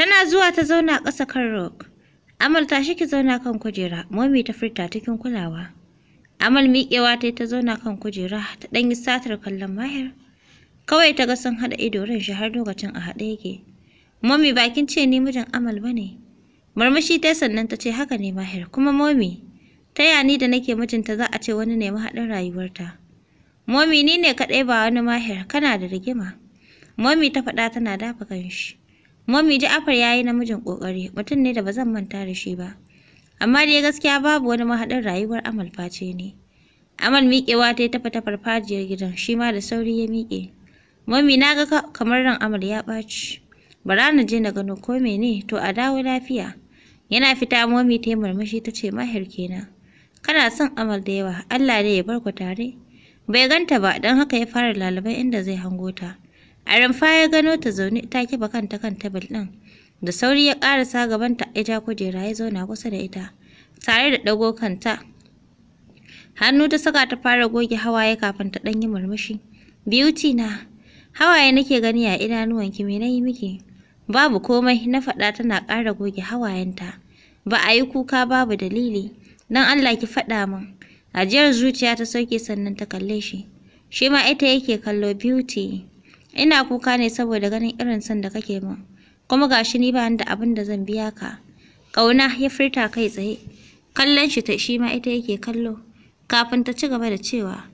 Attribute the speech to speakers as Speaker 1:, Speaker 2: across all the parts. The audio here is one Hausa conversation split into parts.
Speaker 1: Tana zuwa ta zauna ƙasa kan rock. Amal ta shi ki zauna kan kujera, Momi ta furta cikin kulawa. Amal miƙewa ta yi ta zauna kan kujera, ta ɗan yi satar kallon Mahir. Kawai ta ga sun haɗa ido ran shi har lokacin a haɗe yake. Momi bakin ce ni mijin Amal ba ne. Murmushi ta sannan ta ce haka ne Mahir, kuma Momi, ta ya ni da nake mijinta za a ce wani ne mahaɗin rayuwarta. Momi ni ne kaɗai ba wani Mahir, kana da rigima. Momi ta faɗa tana dafa kanshi. Mummy Ja'afar ya yi namijin ƙoƙari, mutum ne da ba zan manta da shi ba. Amma dai gaskiya babu wani mahaɗin rayuwar Amal face ne. Amal miƙewa ta yi tafa ta farfajiyar gidan, shi ma da sauri ya miƙe. Mummy na ga kamar ran Amal ya ɓaci. Bara na je na gano ko mene, to a dawo lafiya. Yana fita Mummy ta yi murmushi ta ce mahir kenan. Kana son Amal da yawa, Allah ne ya bar ku tare. Bai ganta ba, don haka ya fara lalabai inda zai hango ta. A rumfa ya gano ta zaune ta kiba kanta kan tebul ɗin. Da sauri ya ƙarasa gabanta ita kujera ya zauna kusa da ita, tare da ɗago kanta. Hannu ta saka ta fara goge hawaye kafin ta ɗan yi murmushi. Beauty na, hawaye nake gani a idanuwanki me na yi miki? Babu komai na faɗa tana ƙara goge hawayenta. Ba a yi kuka babu dalili, don Allah ki faɗa min. Ajiyar zuciya ta sauke sannan ta kalle shi. Shi ma ita yake kallo beauty. Ina kuka ne saboda ganin irin son da kake min. Kuma gashi ni ba da abin da zan biya ka. Ƙauna ya furta kai tsaye. Kallon shi ta shi ma ita yake kallo. Kafin ta ci gaba da cewa,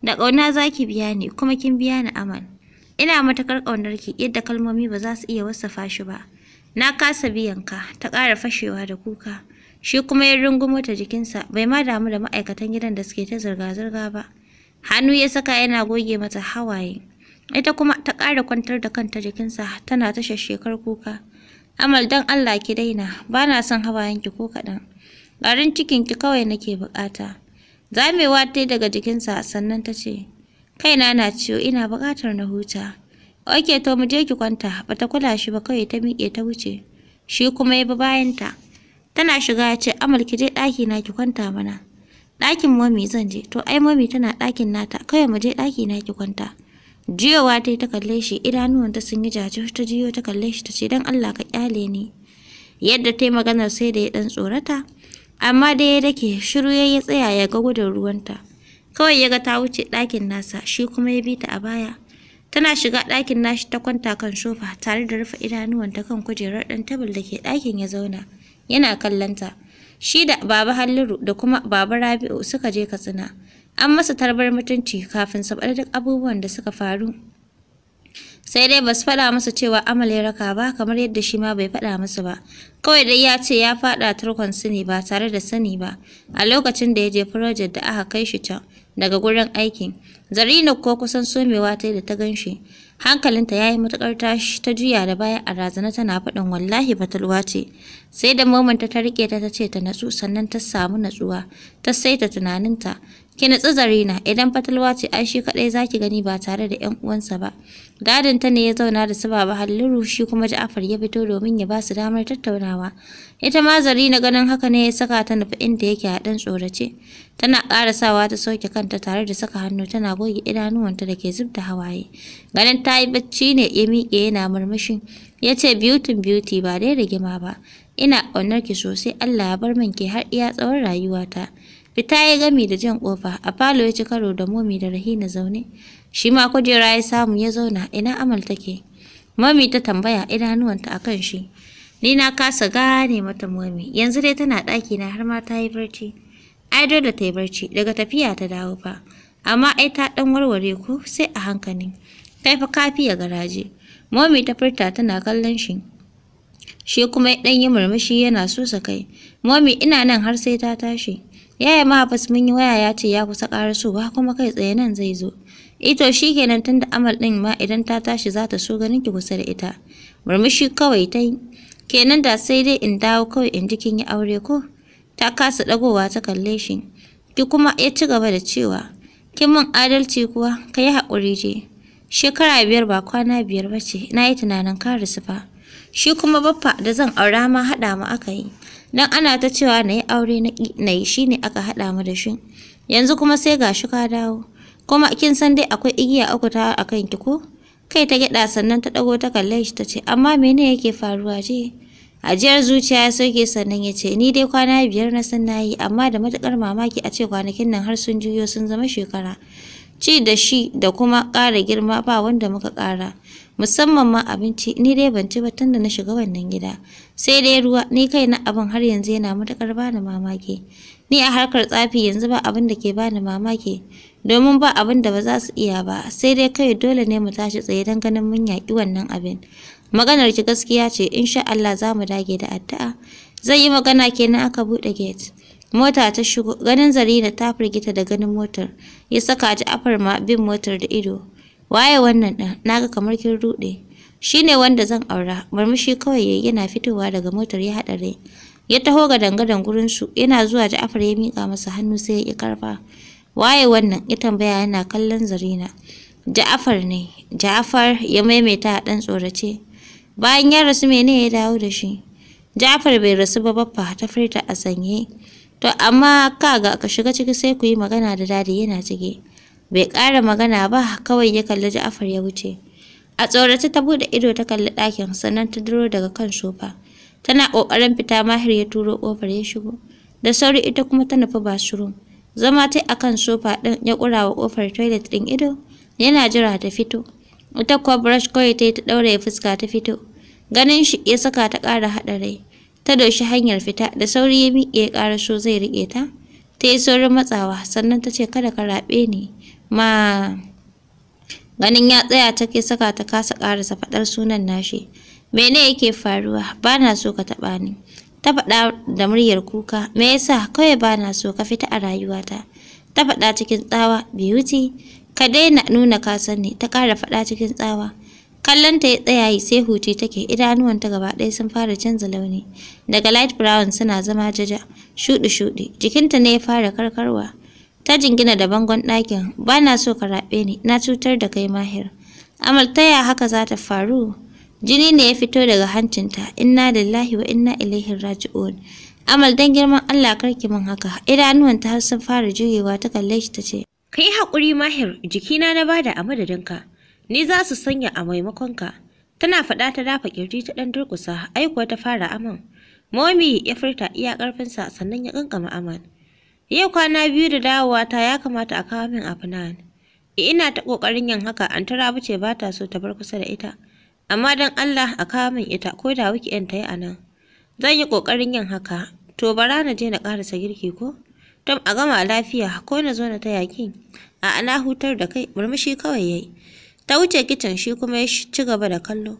Speaker 1: da ƙauna za ki biya ni kuma kin biya ni aman. Ina matuƙar ƙaunar ki yadda kalmomi ba za su iya wasafa shi ba. Na kasa biyan ka, ta ƙara fashewa da kuka. Shi kuma ya rungumo ta jikinsa, bai ma damu da ma'aikatan gidan da suke ta zirga-zirga ba. Hannu ya saka yana goge mata hawaye. ita kuma ta ƙara kwantar da kanta jikinsa tana ta shekar kuka amal dan allah ki daina ba na son hawayenki ko kaɗan garin cikinki kawai nake buƙata zamewa ta yi daga jikinsa sannan ta ce kaina na ciwo ina buƙatar na huta oke to mu je ki kwanta ba ta kula shi ba kawai ta miƙe ta wuce shi kuma ya bi bayanta tana shiga ya ce amal ki je ɗaki na ki kwanta mana ɗakin mami zan je to ai mami tana ɗakin nata kawai mu je ɗaki na ki kwanta Jiyowa ta yi ta kalle shi idanuwanta sun yi jajir ta jiyo ta kalle shi ta ce don Allah ka kyale ni. Yadda ta yi maganar sai da ya ɗan tsorata, amma da ya dake shiru ya yi tsaya ya ga gudun ruwanta. Kawai ya ga ta wuce ɗakin nasa shi kuma ya bi ta a baya. Tana shiga ɗakin nashi ta kwanta kan sofa tare da rufe idanuwanta kan kujerar ɗan tabul da ke ɗakin ya zauna. Yana kallonta. Shi da Baba Halliru da kuma Baba Rabi'u suka je Katsina. An masa tarbar mutunci kafin su faɗi duk abubuwan da suka faru. Sai dai basu faɗa masa cewa Amal ya raka ba kamar yadda shi ma bai faɗa masa ba. Kawai dai ya ce ya faɗa tarkon su ba tare da sani ba a lokacin da ya je project da aka kai shi can daga gurin aikin. Zarina ko kusan somewa ta da ta ganshi. Hankalinta ya yi matuƙar tashi ta juya da baya a razana tana faɗin wallahi batalwa ce. Sai da momanta ta riƙe ta ta ce ta natsu sannan ta samu natsuwa ta saita tunaninta Ki natsu Zarina, idan fatalwa ce ai shi kaɗai za ki gani ba tare da 'yan uwansa ba. Dadinta ne ya zauna da su baba Halliru shi kuma Ja'afar ya fito domin ya ba su damar tattaunawa. Ita ma Zarina ganin haka ne ya saka ta nufi inda yake ɗan tsorace. Tana ƙarasawa ta soke kanta tare da saka hannu tana goge idanuwanta da ke zub da hawaye. Ganin ta yi bacci ne ya miƙe yana murmushin. Ya ce beauty beauty ba dai rigima ba. Ina ƙaunar ki sosai Allah ya bar min ke har iya tsawon rayuwata. Fita ya gami da jan kofa, a falo ya ci karo da momi da rahina zaune. Shi ma kujera ya samu ya zauna ina amal take. Momi ta tambaya idanuwanta a kan shi. Ni na kasa gane mata momi, yanzu dai tana ɗaki na har ma ta yi barci. Ai dole ta yi barci, daga tafiya ta dawo fa. Amma ai ta ɗan warware ko sai a hankali. Kai fa kafi kafiya garaje. Momi ta furta tana kallon shi. Shi kuma ya ɗan yi murmushi yana so kai. Momi ina nan har sai ta tashi. Yaya mahaifas mun yi waya ya ce ya kusa karasowa kuma kai tsaye nan zai zo. Ito eh shi kenan tun da amal ɗin ma idan ta tashi za ta so ganin ki kusa da ita. Murmushi kawai ta yi. Kenan da sai dai in dawo kawai in ji kin yi aure ko? Ta kasa ɗagowa ta kalle shi. Ki kuma ya ci gaba da cewa, kin min adalci kuwa ka yi haƙuri je. Shekara biyar ba kwana biyar ba ce, na yi tunanin ka fa. Shi kuma baffa da zan aura ma haɗa mu aka yi. dan ana ta cewa na yi aure na yi shi ne aka haɗa mu da shi yanzu kuma sai ga ka dawo kuma kin san dai akwai igiya uku ta a kanki ko kai ta gyaɗa sannan ta ɗago ta kalle shi ta ce amma mene yake faruwa je ajiyar zuciya ya sauke sannan ya ce ni dai kwana biyar na san na yi amma da matuƙar mamaki a ce kwanakin nan har sun juyo sun zama shekara ci da shi da kuma ƙara girma ba wanda muka ƙara musamman ma abinci ni dai ban ci ba tun da na shiga wannan gida sai dai ruwa ni kai na abin har yanzu yana matukar bani mamaki ni a harkar tsafi yanzu ba abin da ke bani mamaki domin ba abin da ba za su iya ba sai dai kai dole ne mu tashi tsaye don ganin mun yaƙi wannan abin maganar ki gaskiya ce insha Allah za mu dage da addu'a zai yi magana kenan aka buɗe gate mota ta shigo ganin Zarina ta firgita da ganin motar ya saka ta afar ma bin motar da ido Waye wannan ɗan? Naga kamar kin ruɗe. Shi ne wanda zan aura. Murmushi kawai yayi yana fitowa daga motar ya haɗa rai. Ya taho ga dangadan gurin su yana zuwa Ja'far ya miƙa masa hannu sai ya ƙi karfa. Waye wannan? Ya tambaya yana kallon Zarina. Ja'far ne. Ja'far ya maimaita a ɗan tsorace. Bayan ya rasu mene ya dawo da shi? Ja'far bai rasu ba baffa ta furta a sanye. To amma kaga ka shiga ciki sai ku yi magana da dadi yana cike. bai ƙara magana ba kawai ya kalli Ja'afar ya wuce. A tsorace ta buɗe ido ta kalli ɗakin sannan ta duro daga kan sofa. Tana ƙoƙarin fita Mahir ya turo ƙofar ya shigo. Da sauri ita kuma ta nufi bashroom. Zama ta a kan sofa ɗin ya ƙura wa ƙofar toilet ɗin ido yana jira ta fito. Ita kuwa brush kawai ta yi ta ya fuska ta fito. Ganin shi ya saka ta ƙara haɗa rai. ta doshi hanyar fita da sauri ya miƙe ya so zai riƙe ta ta yi saurin matsawa sannan ta ce kada ka raɓe ni ma ganin ya tsaya take saka ta kasa karasa faɗar sunan nashi mene yake faruwa bana so ka taɓa ni ta faɗa da muryar kuka me yasa kawai bana so ka fita a rayuwata ta faɗa cikin tsawa beauty ka daina nuna ka ni ta ƙara faɗa cikin tsawa kallon ya tsaya yi sai huci take idanuwanta gaba ɗaya sun fara canza launi daga light brown suna zama jaja shuɗi shuɗi jikinta ne ya fara karkarwa ta jingina da bangon ɗakin ba na so ka raɓe ni na cutar da kai mahir amal ta ya haka za ta faru jini ne ya fito daga hancinta inna lillahi wa inna ilaihi raji'un amal dan girman Allah karki min haka idanuwanta har sun fara juyewa ta kalle shi ta ce. Ka yi haƙuri mahir jikina na bada a madadinka ni za su sanya a maimakon ka tana faɗa ta dafa kirji ta ɗan durƙusa ai ta fara aman momi ya furta iya ƙarfinsa sannan ya ƙanƙama aman Yau kwana biyu da dawowa ta ya kamata a kawo min abu e Ina ta ƙoƙarin yin haka, Anti Rabi ce bata so ta bar kusa da ita. Amma don Allah a kawo min ita ko da yan ta yi a nan. Zan yi ƙoƙarin yin haka, to bara na je na ƙarasa girki ko? Don a gama lafiya ko na zo na taya ki? A'a na hutar da kai, murmushi kawai yayi Ta wuce kicin shi kuma ya ci gaba da kallo.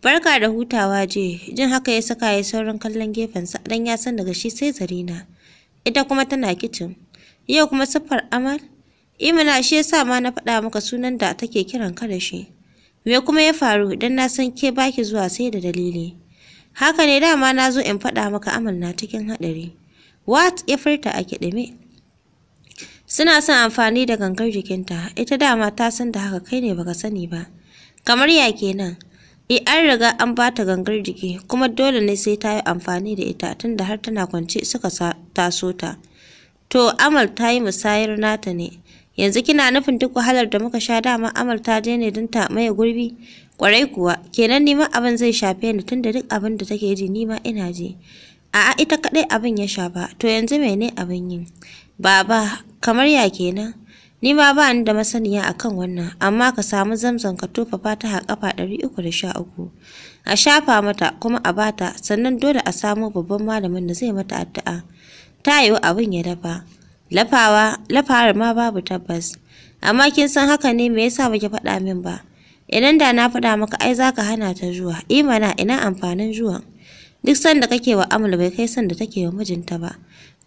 Speaker 1: Barka da hutawa je, jin haka ya saka ya saurin kallon gefensa don ya san daga shi sai zarina. ita kuma tana kicin. Yau kuma siffar Amal? Imana shi yasa ma na faɗa maka sunan da take kiran ka da shi. Me kuma ya faru idan na san ke baki zuwa sai da dalili. Haka ne dama na zo in faɗa maka Amal na cikin haɗari. Wat ya furta a kiɗime? Suna son amfani da gangar jikinta, ita dama ta san da haka kai ne baka sani ba. Kamar ya kenan, E an riga an ba ta gangar jiki kuma dole ne sai ta yi amfani da ita tunda har tana kwance suka taso ta. To Amal ta yi musayar nata ne. Yanzu kina nufin duk wahalar da muka sha dama Amal ta je ne don ta maye gurbi? Kwarai kuwa, kenan nima abin zai shafe ni tunda duk abin da take ji nima ina ji. A'a ita kaɗai abin ya shafa, to yanzu mene abin yi? Baba, kamar ya kenan? Ni ma ba ni da masaniya akan wannan, amma ka samu zamzam ka tofa fataha kafa 313. A shafa mata kuma a bata, sannan dole a samu babban malamin da zai mata addu'a. Ta yiwu abin ya dafa. Lafawa, lafawar ma babu tabbas. Amma kin san haka ne me yasa baki faɗa min ba? Idan da na faɗa maka ai zaka hana ta zuwa, imana ina amfanin zuwa. Duk sanda kake wa Amul bai kai san da take wa mijinta ba.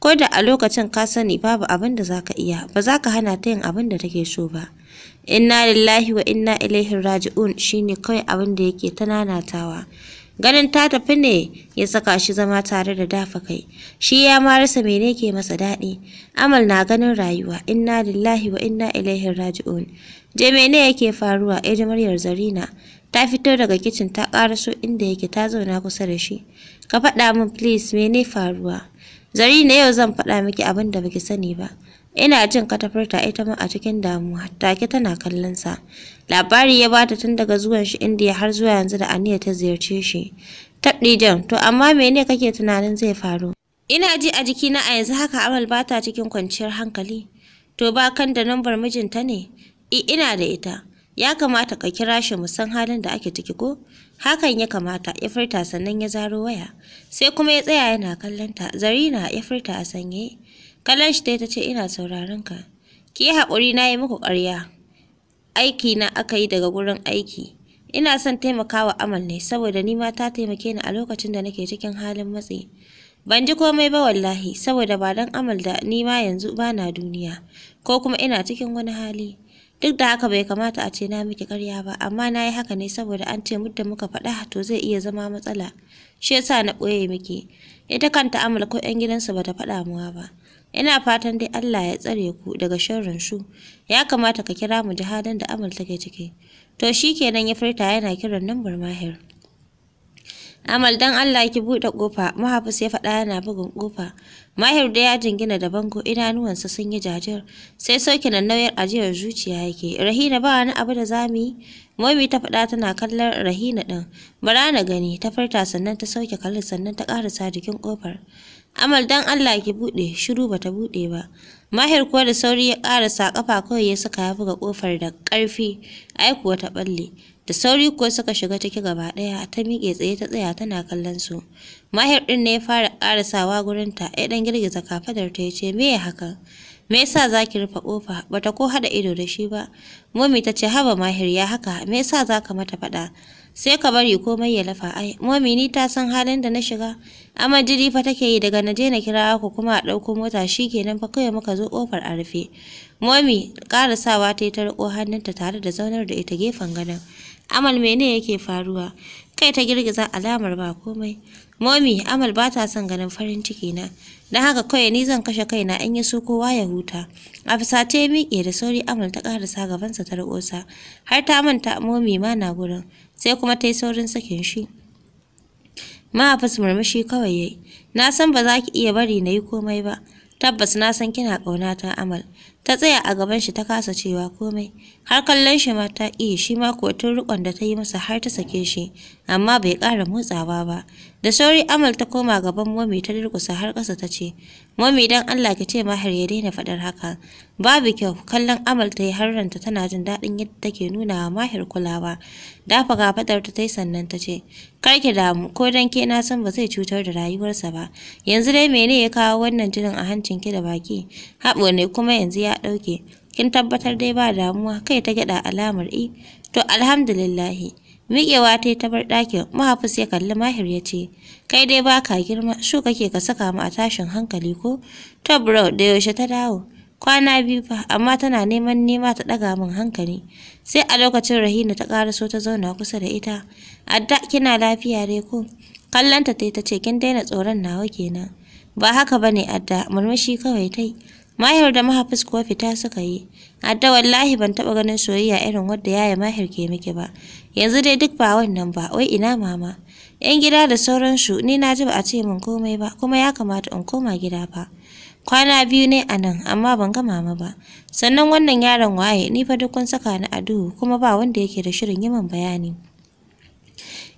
Speaker 1: ko da a lokacin ka sani babu abin da za ka iya ba za ka hana ta yin abin da take so ba inna lillahi wa inna ilaihi raji'un shine kawai abin da yake ta nanatawa ganin ta tafi ne ya saka shi zama tare da dafa kai shi ya ma rasa mene ke masa daɗi amal na ganin rayuwa inna lillahi wa inna ilaihi raji'un je mene yake faruwa ya ji muryar zarina ta fito daga kicin ta ƙaraso inda yake ta zauna kusa da shi ka faɗa min please mene faruwa Zari na yau zan faɗa miki abin da baki sani ba. Ina jin katafarta ita ma a cikin damuwa, take tana kallon sa. Labari ya bata tun daga zuwan shi Indiya har zuwa yanzu da Aniya ta ziyarce shi. Tabdi to amma mene kake tunanin zai faru? Ina ji a jikina a yanzu haka Amal bata cikin kwanciyar hankali. To ba kan da nambar mijinta ne? I ina da ita. Ya kamata ka kira shi mu san halin da ake ciki ko? Hakan ya kamata ya furta sannan ya zaro waya. Sai kuma ya tsaya yana kallonta. Zarina ya furta a sanye. Kallon shi ta ce ina sauraron ka. Ki yi haƙuri na yi muku ƙarya. Aiki na aka yi daga gurin aiki. Ina son taimakawa Amal ne saboda ni ma ta taimake ni a lokacin da nake cikin halin matsi. Ban ji komai ba wallahi saboda ba dan Amal da ni ma yanzu bana duniya ko kuma ina cikin wani hali. Duk da haka bai kamata a ce na miki karya ba, amma na yi haka ne saboda an ce muddin muka faɗa to zai iya zama matsala. Shi yasa na ɓoye miki. Ita kanta Amal ko 'yan gidansu bata faɗa muwa ba. Ina fatan dai Allah ya tsare ku daga sharrin su. Ya kamata ka kira mu jihadan da Amal take ciki. To shi kenan ya furta yana kiran nambar Mahir. Amal dan Allah ki buɗe ƙofa, Mahafis ya faɗa yana bugun ƙofa. Mahir da ya jingina da bango idanuwansa sun yi jajir, sai sauke nan nauyar ajiyar zuciya yake. Rahina ba wani abu da za mu yi? Momi ta faɗa tana kallon Rahina ɗin. Bara na gani, ta farta sannan ta sauke kallon sannan ta ƙarasa jikin ƙofar. Amal dan Allah ki buɗe, shiru bata buɗe ba. Mahir kuwa da sauri ya ƙarasa ƙafa kawai ya saka ya buga ƙofar da ƙarfi, ai kuwa ta ɓalle. Da sauri kuwa suka shiga ciki gaba ɗaya, ta miƙe tsaye ta tsaya tana kallon su. Mahir ɗin ne ya fara ƙarasawa gurinta, ya ɗan girgiza kafadar ta yace, me ya hakan? Me yasa za ki rufe ƙofa? Bata ko haɗa ido da shi ba. Momi ta ce, haba Mahir ya haka, me yasa za ka mata faɗa? Sai ka bari komai ya lafa ai. Momi ni ta san halin da na shiga. Amma jiri fa take yi daga na je na kira ku kuma a ɗauko mota shi kenan fa kawai muka zo ƙofar a rufe. Momi ƙarasawa ta yi ta riƙo hannunta tare da zaunar da ita gefen gadon. Amal mene yake faruwa? kai ta girgiza alamar ba komai momi amal ba ta son ganin farin ciki na don haka kawai ni zan kashe kaina in yi su kowa ya huta a fusace ya miƙe da sauri amal ta ƙarasa gabansa ta rikosa. har ta manta momi ma na gurin sai kuma ta yi saurin sakin shi mahaifis murmushi kawai yayi na san ba za ki iya bari na yi komai ba tabbas na san kina ta amal ta tsaya a gaban shi ta kasa cewa komai har kallon shi ma ta ƙi shi ma kuwa tun riƙon da ta yi masa har ta sake shi amma bai ƙara motsawa ba da sauri amal ta koma gaban momi ta durƙusa har ƙasa ta ce momi dan Allah ki ce ma har ya daina faɗar haka babu kyau kallon amal ta yi har ranta tana jin daɗin yadda take nuna wa mahar kulawa dafa gafaɗar ta yi sannan ta ce kar ki damu ko dan ke na san ba zai cutar da rayuwarsa ba yanzu dai mene ya kawo wannan jinin a hancin ki da baki haɓo ne kuma yanzu ya ɗauke kin tabbatar dai ba damuwa kai ta gyaɗa alamar i to alhamdulillahi miƙewa ta yi ta bar ɗakin mahafis ya kalli mahir ya ce kai dai ba ka girma shu kake ka saka mu a tashin hankali ko to bro da yaushe ta dawo kwana biyu fa amma tana neman nema ta ɗaga min hankali sai a lokacin rahina ta ƙaraso ta zauna kusa da ita adda kina lafiya dai ko kallonta ta yi ta ce kin daina tsoron nawa kenan ba haka ba bane adda murmushi kawai yi Mahir da mahafis kuwa fita suka yi. Adda wallahi ban taɓa ganin soyayya irin wadda yaya Mahir ke miki ba. Yanzu dai duk ba wannan ba, wai ina mama. ‘Yan gida da sauransu ni na ji ba a ce min komai ba, kuma ya kamata in koma gida fa. Kwana biyu ne a nan, amma ban ga mama ba. Sannan wannan yaron waye, ni fa duk kun saka ni a duhu, kuma ba wanda yake da shirin yi min bayani.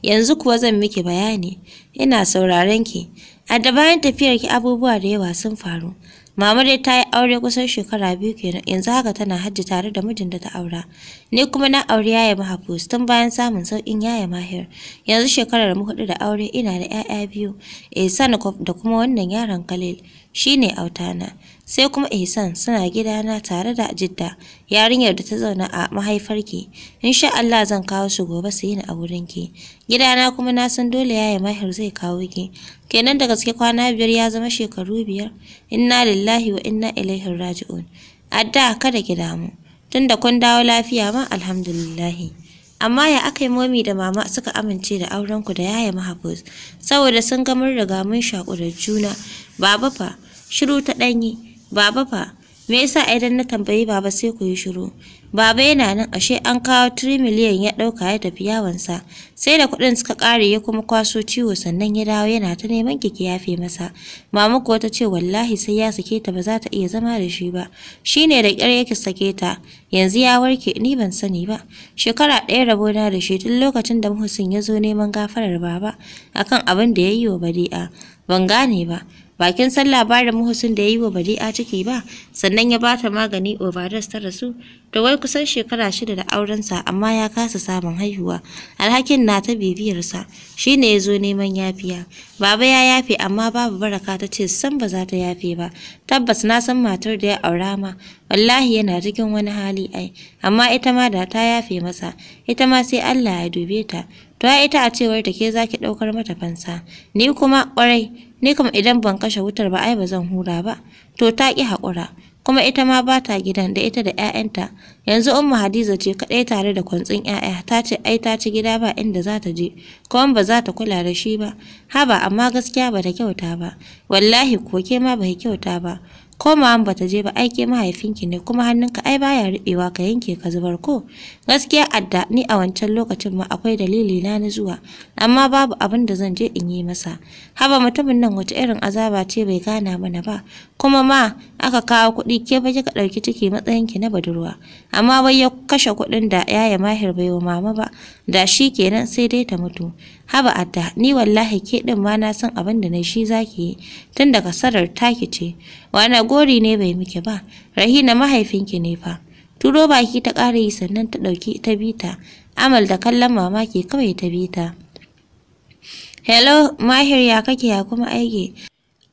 Speaker 1: yanzu kuwa zan miki bayani ina sauraren ki a da bayan tafiyar ki abubuwa da yawa sun faru Mama dai ta yi aure kusan shekara biyu kenan, yanzu haka tana hajji tare da mijin da ta aura. Ni kuma na auri yaya mahafuz tun bayan samun sauƙin yaya mahir. Yanzu shekarar mu hudu da aure ina da 'ya'ya biyu, eh, sani da kuma wannan yaron Khalil, shi ne autana. sai kuma Ihsan suna gidana tare da Jidda yarinyar da ta zauna a mahaifarki insha Allah zan kawo shi gobe su ni a wurinki gidana kuma na san dole yaya mahir zai kawo ki kenan da gaske kwana biyar ya zama shekaru biyar inna lillahi wa inna ilaihi raji'un adda kada ki damu tunda kun dawo lafiya ma alhamdulillahi amma ya aka momi da mama suka amince da aurenku da yaya mahabus? saboda sun ga mun riga mun shaƙu da juna baba fa shiru ta ɗanyi Baba fa, me yasa idan na tambayi baba sai ku yi shiru? Baba yana nan ashe an kawo 3 miliyan ya ɗauka ya tafi yawansa. Sai da kuɗin suka kare ya kuma kwaso ciwo sannan ya dawo yana ta neman ki yafe masa. Mama kuwa ta ce wallahi sai ya sake ta ba za ta iya zama da shi ba. Shi ne da ƙyar yake sake ta. Yanzu ya warke ni ban sani ba. Shekara ɗaya na da shi tun lokacin da Muhsin ya zo neman gafarar baba akan abin da ya yi wa Badi'a. Ban gane ba. bakin san labarin muhusin da ya yi wa bari'a ciki ba sannan ya bata magani overdose ta rasu da wai kusan shekara shida da aurensa amma ya kasa samun haihuwa alhakin na ta bibiyarsa ne ya zo neman yafiya baba ya yafe amma babu baraka ta ce san ba za ta yafe ba tabbas na san matar da ya aura ma wallahi yana cikin wani hali ai amma ita ma da ta yafe masa ita ma sai Allah ya dube ta to ita a cewar da ke zaki daukar mata fansa ni kuma kwarai Ni kuma idan ban kashe wutar ba ai ba zan hura ba. To ta ki hakura Kuma ita ma ba ta gidan da ita da 'ya'yanta. Yanzu Umma Hadiza ce kaɗai tare da kwantsin 'ya'ya. Ta ce ai ta ci gida ba inda za ta je. Kuma ba za ta kula da shi ba. Haba amma gaskiya ba ta kyauta ba. Wallahi koke ma ba kyauta ba. ko an bata je ba aike mahaifinki ne kuma hannunka ai baya riɓewa ka yanke ka zubar ko gaskiya adda ni a wancan lokacin ma akwai dalili na na zuwa amma babu abin da zan je in yi masa haba mutumin nan wace irin azaba ce bai gana mana ba kuma ma aka kawo kuɗi ke fa ka ɗauki ciki matsayinki na budurwa amma bai ya kashe kuɗin da yaya mahir bai wa mama ba da shi kenan sai dai ta mutu haba adda ni wallahi ke ɗin ma na san abin da na shi zaki yi tun daga sarar taki ce wani gori ne bai miki ba rahina mahaifinki ne fa turo baki ta ƙara yi sannan ta ɗauki ta bita amal da kallon mamaki kawai ta bita hello mahir ya kake ya kuma aiki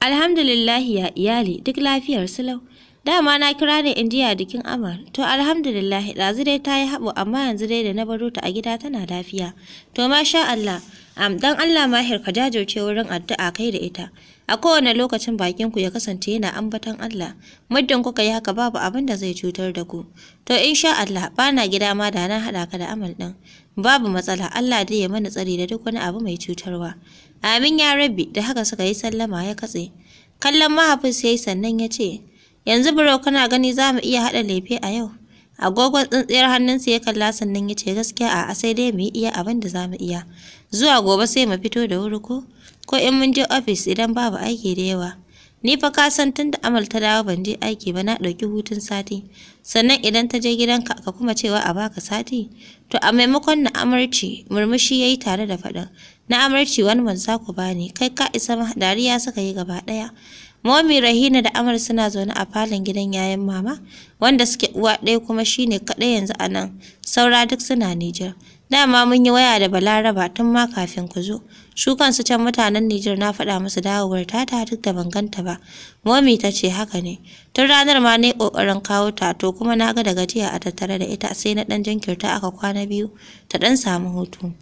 Speaker 1: Alhamdulillahi ya iyali duk lafiyar lau. Dama na kira ne in jiya jikin amar To alhamdulillahi ɗazu dai ta yi haɓo amma yanzu dai da na baro ta a gida tana lafiya. To masha Allah, am dan Allah mahir ka jajirce wurin addu'a kai da ita. A kowane lokacin bakinku ya kasance yana ambaton Allah, muddin kuka yi haka babu abin da zai cutar da ku. To insha Allah bana gida ma da na haɗa ka da amal ɗin. Babu matsala Allah dai ya mana tsari da duk wani abu mai cutarwa. Amin ya rabbi da haka suka yi sallama ya katse. Kallon mahafis ya yi sannan ya ce, Yanzu biro kana gani za mu iya haɗa lefe a yau. agogon tsintsiyar hannunsa ya kalla sannan ya ce gaskiya a sai dai mu yi iya abin da za mu iya zuwa gobe sai mu fito da wuri ko ko in mun je ofis idan babu aiki da yawa. Ni fa ka san tun da Amal ta dawo ban je aiki ba na ɗauki hutun sati. Sannan idan ta je gidanka ka kuma cewa a baka sati. To a maimakon na amarci murmushi ya yi tare da faɗin. Na amarci wani za ku bani kai ka isa dariya suka yi gaba ɗaya. Momi Rahina da Amar suna zaune a falon gidan yayan mama wanda suke uwa ɗaya kuma shine kaɗai yanzu anan. saura duk suna Nijar. Dama mun yi waya da Balaraba tun ma kafin ku zo. Su kansu can mutanen Nijar na faɗa musu dawowar ta ta duk da ban ganta ba. Momi ta ce haka ne. Tun ranar ma ne ƙoƙarin kawo ta to kuma na ga da gajiya a tattare da ita sai na ɗan jinkirta aka kwana biyu ta ɗan samu hutu.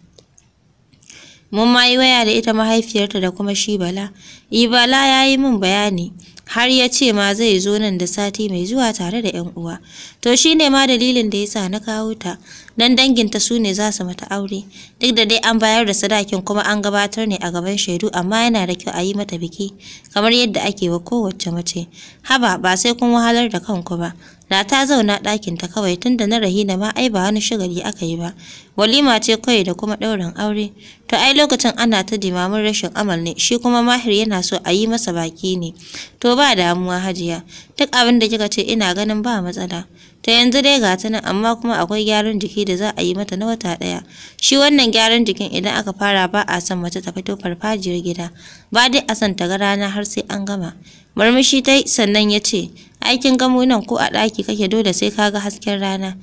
Speaker 1: Mun ma yi waya da ita mahaifiyarta da kuma shi Bala. Ibala ya yi min bayani har ya ce ma zai zo nan da sati mai zuwa tare da 'yan uwa. To shi ne ma dalilin da ya sa na kawo ta, don danginta su ne za su mata aure, duk da dai an bayar da sadakin kuma an gabatar ne a gaban shaidu amma yana da kyau a yi mata biki, kamar yadda ake wa kowace mace. Haba ba sai kun wahalar da kanku ba, Na ta zauna ɗakinta kawai tun da na rahina ma ai ba wani shigari aka yi ba walima ce kawai da kuma ɗaurin aure to ai lokacin ana ta dimamin rashin amal ne shi kuma mahir yana so a yi masa baki ne to ba damuwa hajiya duk abin da kika ce ina ganin ba matsala ta yanzu dai ga ta nan amma kuma akwai gyaran jiki da za a yi mata na wata ɗaya shi wannan gyaran jikin idan aka fara ba a son mace ta fito farfajiyar gida ba dai a son ta ga rana har sai an gama murmushi ta sannan ya ce aikin gamo nan ko a ɗaki kake dole sai ka ga hasken rana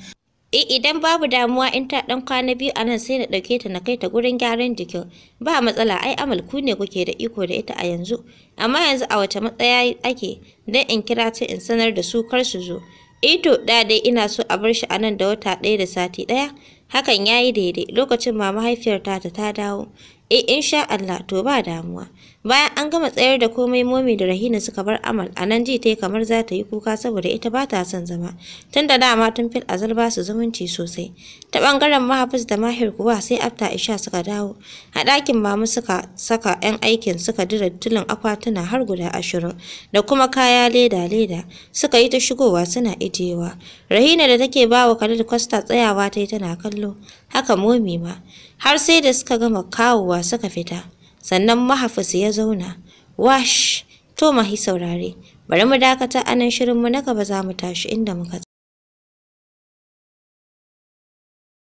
Speaker 1: Eh idan babu damuwa in ta ɗan kwana biyu a nan sai na ɗauke ta na kai ta gurin gyaran jikin. Ba matsala ai amal ku ne kuke da iko da ita a yanzu. Amma yanzu a wace matsaya ake dan in kira ta in sanar da su kar su zo. Ito eh da dai ina so a bar shi a nan da wata ɗaya da sati ɗaya. Hakan ya yi daidai lokacin ma mahaifiyar ta ta dawo. Eh sha Allah to ba damuwa. Bayan an gama tsayar da komai momi da Rahina suka bar Amal a nan ji ta yi kamar za ta yi kuka saboda ita ba ta son zama. Tun da dama tun fil azal ba su zumunci sosai. Ta bangaren mahafis da mahir kuwa sai afta isha suka dawo. A ɗakin mamu suka saka 'yan aikin suka dira tulin akwatuna har guda ashirin da kuma kaya leda-leda suka yi ta shigowa suna ijiyewa. Rahina da take ba wa Khalil Kwasta tsayawa ta yi tana kallo. Haka momi ma. Har sai da suka gama kawowa suka fita. sannan mahafis ya zauna. Wash! To mahi saurare, bari mu dakata anan shirin mu na gaba za mu tashi inda muka